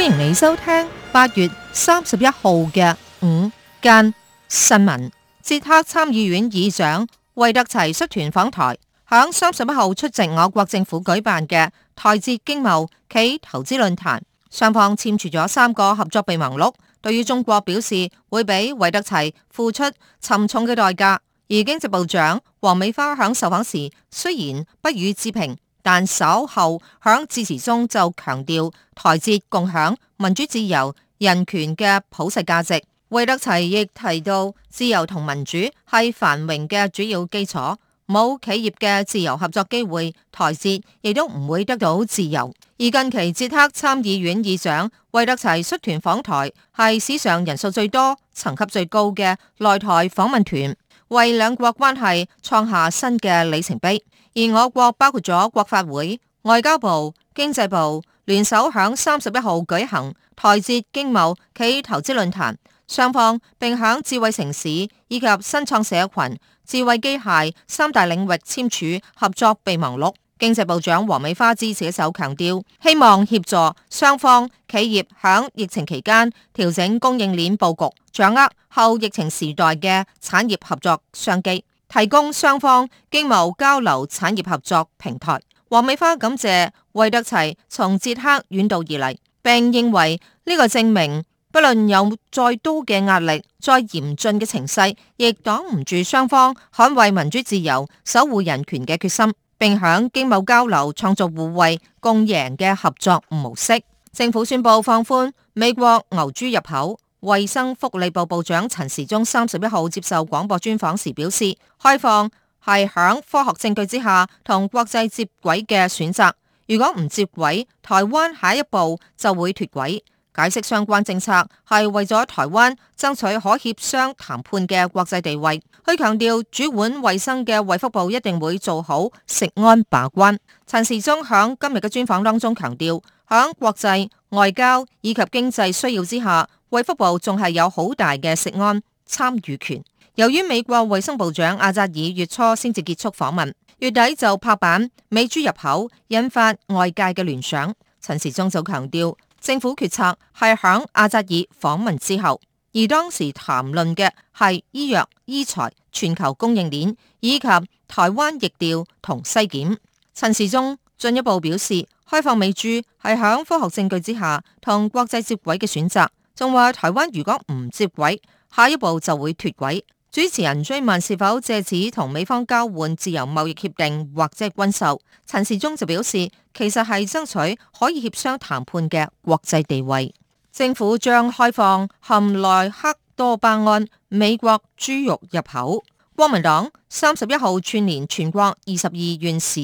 歡迎你收聽八月三十一號嘅午間新聞。捷克參議院議長維特齊率團訪台，響三十一號出席我國政府舉辦嘅台捷經貿暨投資論壇，雙方簽署咗三個合作備忘錄。對於中國表示會俾維特齊付出沉重嘅代價，而經濟部長王美花響受訪時雖然不予置評。但稍後響致辭中就強調台捷共享民主自由人權嘅普世價值。惠特齊亦提到自由同民主係繁榮嘅主要基礎，冇企業嘅自由合作機會，台捷亦都唔會得到自由。而近期捷克參議院議長惠特齊率團訪台，係史上人數最多、層級最高嘅來台訪問團。為兩國關係創下新嘅里程碑，而我國包括咗國發會、外交部、經濟部聯手響三十一號舉行台捷經貿企投資論壇，雙方並響智慧城市以及新創社群、智慧機械三大領域簽署合作備忘錄。經濟部長王美花支持一手強調，希望協助雙方企業響疫情期間調整供應鏈布局，掌握後疫情時代嘅產業合作商機，提供雙方經貿交流、產業合作平台。王美花感謝維特齊從捷克遠道而嚟，並認為呢個證明不論有再多嘅壓力，再嚴峻嘅情勢，亦擋唔住雙方捍衛民主自由、守護人權嘅決心。並響經貿交流、創造互惠、共贏嘅合作模式。政府宣布放寬美國牛豬入口。衛生福利部部長陳時中三十一號接受廣播專訪時表示：開放係響科學證據之下同國際接軌嘅選擇。如果唔接軌，台灣下一步就會脫軌。解釋相關政策係為咗台灣爭取可協商談判嘅國際地位，佢強調主管衛生嘅衛福部一定會做好食安把關。陳時中喺今日嘅專訪當中強調，響國際外交以及經濟需要之下，衛福部仲係有好大嘅食安參與權。由於美國衛生部長阿扎爾月初先至結束訪問，月底就拍板美豬入口，引發外界嘅聯想。陳時中就強調。政府決策係響阿扎爾訪問之後，而當時談論嘅係醫藥、醫材、全球供應鏈以及台灣疫調同篩檢。陳時中進一步表示，開放美豬係響科學證據之下同國際接軌嘅選擇，仲話台灣如果唔接軌，下一步就會脫軌。主持人追問是否借此同美方交換自由貿易協定或者軍售，陳時中就表示，其實係爭取可以協商談判嘅國際地位。政府將開放含萊克多巴胺美國豬肉入口。國民黨三十一號串聯全國二十二縣市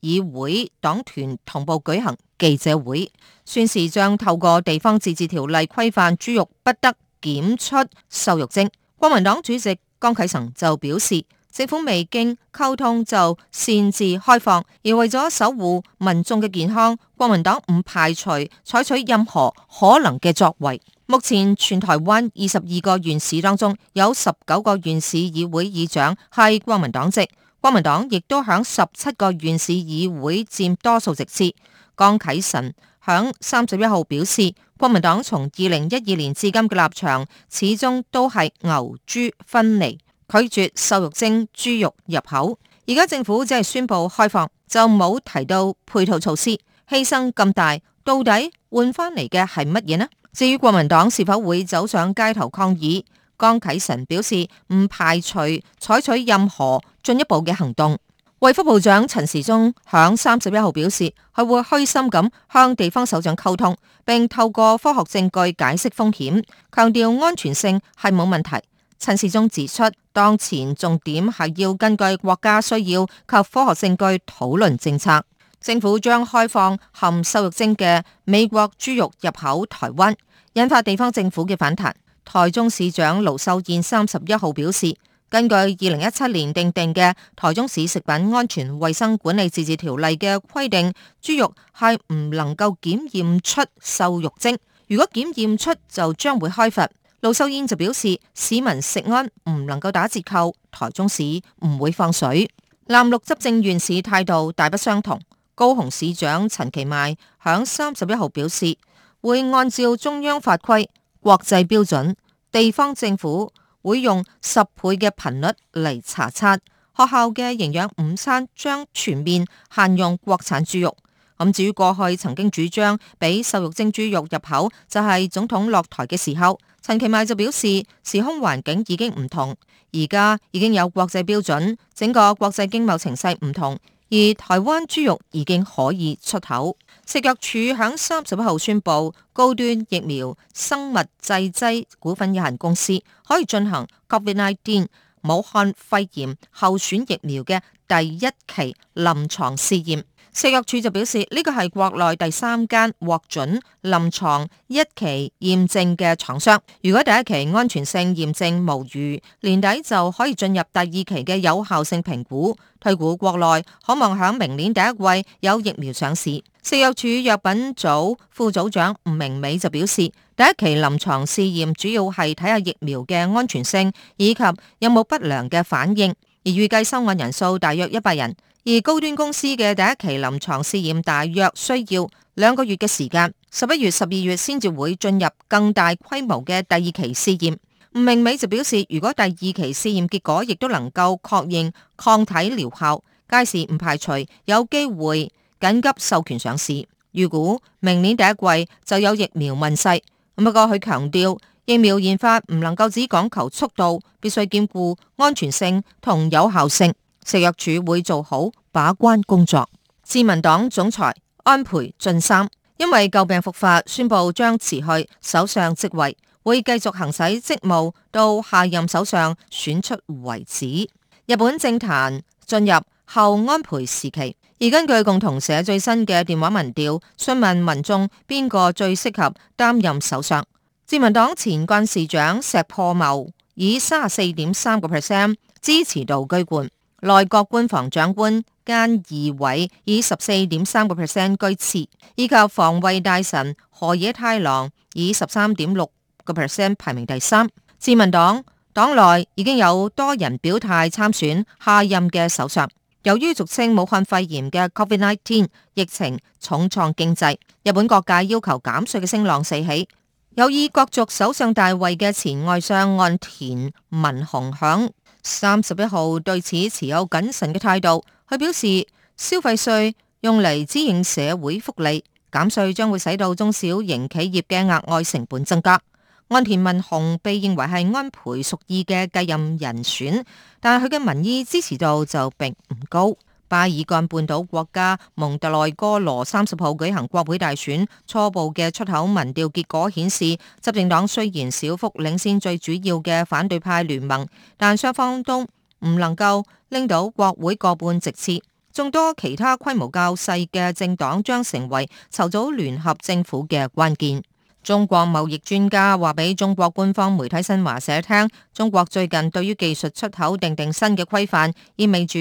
議會黨團同步舉行記者會，宣示將透過地方自治條例規範豬肉不得檢出瘦肉精。國民黨主席。江啟臣就表示，政府未經溝通就擅自開放，而為咗守護民眾嘅健康，國民黨唔排除採取任何可能嘅作為。目前全台灣二十二個縣市當中，有十九個縣市議會議長係國民黨籍，國民黨亦都響十七個縣市議會佔多數席次。江啟臣。響三十一號表示，國民黨從二零一二年至今嘅立場始終都係牛豬分離，拒絕瘦肉精豬肉入口。而家政府只係宣布開放，就冇提到配套措施，犧牲咁大，到底換翻嚟嘅係乜嘢呢？至於國民黨是否會走上街頭抗議，江啟臣表示唔排除採取任何進一步嘅行動。衛福部長陳時中響三十一號表示，佢會虛心咁向地方首長溝通，並透過科學證據解釋風險，強調安全性係冇問題。陳時中指出，當前重點係要根據國家需要及科學證據討論政策。政府將開放含瘦肉精嘅美國豬肉入口台灣，引發地方政府嘅反彈。台中市長盧秀燕三十一號表示。根據二零一七年訂定嘅台中市食品安全衛生管理自治條例嘅規定，豬肉係唔能夠檢驗出瘦肉精，如果檢驗出就將會開罰。盧秀燕就表示，市民食安唔能夠打折扣，台中市唔會放水。藍綠執政縣市態度大不相同，高雄市長陳其邁響三十一號表示，會按照中央法規、國際標準、地方政府。會用十倍嘅頻率嚟查測學校嘅營養午餐，將全面限用國產豬肉。咁、嗯、至於過去曾經主張俾瘦肉精豬肉入口，就係總統落台嘅時候，陳其邁就表示時空環境已經唔同，而家已經有國際標準，整個國際經貿情勢唔同，而台灣豬肉已經可以出口。食藥署喺三十一號宣布，高端疫苗生物製劑股份有限公司可以進行 COVID-19 武漢肺炎候選疫苗嘅第一期臨床試驗。食藥署就表示，呢個係國內第三間獲准臨床一期驗證嘅廠商。如果第一期安全性驗證無虞，年底就可以進入第二期嘅有效性評估。推估國內可望響明年第一季有疫苗上市。食藥署藥品組副組長吳明美就表示，第一期臨床試驗主要係睇下疫苗嘅安全性以及有冇不良嘅反應，而預計收案人數大約一百人。而高端公司嘅第一期臨床試驗大約需要兩個月嘅時間，十一月、十二月先至會進入更大規模嘅第二期試驗。吳明美就表示，如果第二期試驗結果亦都能夠確認抗體療效，屆時唔排除有機會緊急授權上市。預估明年第一季就有疫苗問世，不過佢強調，疫苗研發唔能夠只講求速度，必須兼顧安全性同有效性。食藥署會做好把關工作。自民黨總裁安倍晉三因為舊病復發，宣布將辭去首相職位，會繼續行使職務到下任首相選出為止。日本政壇進入後安倍時期，而根據共同社最新嘅電話民調，詢問民眾邊個最適合擔任首相。自民黨前幹事長石破茂以三十四點三個 percent 支持度居冠。內閣官房長官菅義偉以十四點三個 percent 居次，以及防衛大臣河野太郎以十三點六個 percent 排名第三。自民黨黨內已經有多人表態參選下任嘅首相。由於俗稱武漢肺炎嘅 COVID-19 疫情重創經濟，日本各界要求減稅嘅聲浪四起。有意角逐首相大位嘅前外相岸田文雄響。三十一號對此持有謹慎嘅態度，佢表示消費稅用嚟支應社會福利，減稅將會使到中小型企業嘅額外成本增加。岸田文雄被認為係安倍屬意嘅繼任人選，但係佢嘅民意支持度就並唔高。巴爾幹半島國家蒙特內哥羅三十號舉行國會大選，初步嘅出口民調結果顯示，執政黨雖然小幅領先最主要嘅反對派聯盟，但雙方都唔能夠拎到國會過半席次，眾多其他規模較細嘅政黨將成為籌組聯合政府嘅關鍵。中國貿易專家話俾中國官方媒體新華社聽，中國最近對於技術出口訂定定新嘅規範，意味住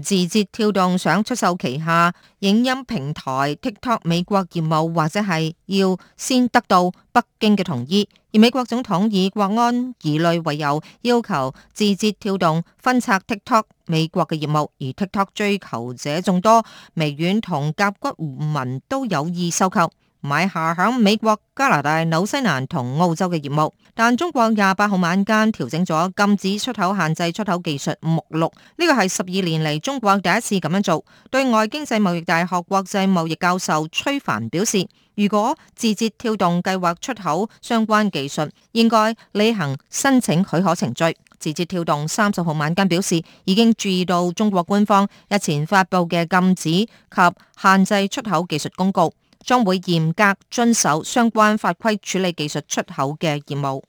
字節跳動想出售旗下影音平台 TikTok 美國業務，或者係要先得到北京嘅同意。而美國總統以國安疑慮為由，要求字節跳動分拆 TikTok 美國嘅業務，而 TikTok 追求者眾多，微軟同甲骨文都有意收購。買下響美國、加拿大、紐西蘭同澳洲嘅業務，但中國廿八號晚間調整咗禁止出口、限制出口技術目錄，呢個係十二年嚟，中國第一次咁樣做。對外經濟貿易大學國際貿易教授崔凡表示，如果字節跳動計劃出口相關技術，應該履行申請許可程序。字節跳動三十號晚間表示，已經注意到中國官方日前發佈嘅禁止及限制出口技術公告。將會嚴格遵守相關法規處理技術出口嘅業務。